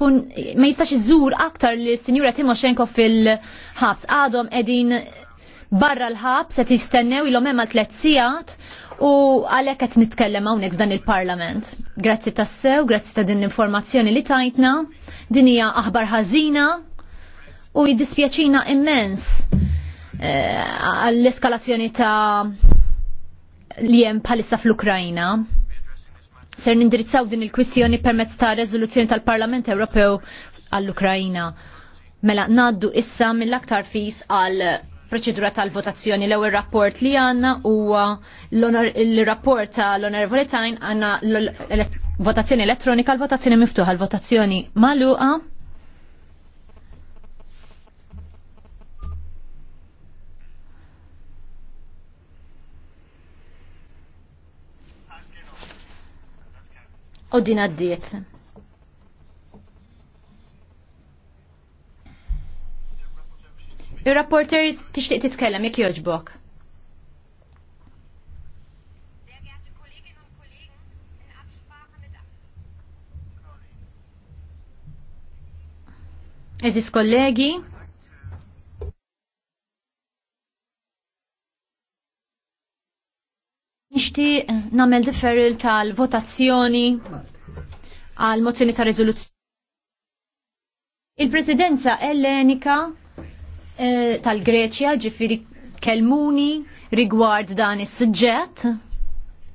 kun ma jistax iżur aktar li s-Sinjura Timoshenko fil-ħabs. Għadhom edin barra l-ħabs qed jistennew ilhom hemm tliet sigħat u għalhekk qed nitkellem hawnhekk f'dan il-Parlament. Grazzi tassew, grazzi ta' din l-informazzjoni li tajtna, din hija aħbar ħażina u jiddispjaċina immens eh, għall-eskalazzjoni ta' li hemm bħalissa fl-Ukrajna ser nindirizzaw din il-kwistjoni permezz ta' rezoluzzjoni tal-Parlament Ewropew għall-Ukrajina. Mela naddu issa mill-aktar fis għal proċedura tal-votazzjoni l ewwel rapport li għanna u l-rapport tal-Onorevole Tajn għanna votazzjoni elettronika, l-votazzjoni miftuħa, l-votazzjoni maluqa. U din għaddiet. Il-rapporter tixtieq titkellem jekk joġbok. Eżis kollegi, nishti namel differil tal-votazzjoni għal mozzjoni ta' rezoluzzjoni. Il-presidenza ellenika eh, tal-Greċja ġifiri kelmuni rigward dan is-suġġett